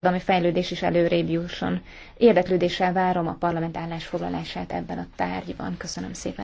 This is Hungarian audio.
társadalmi fejlődés is előrébb jusson. Érdeklődéssel várom a parlament állásfoglalását ebben a tárgyban. Köszönöm szépen.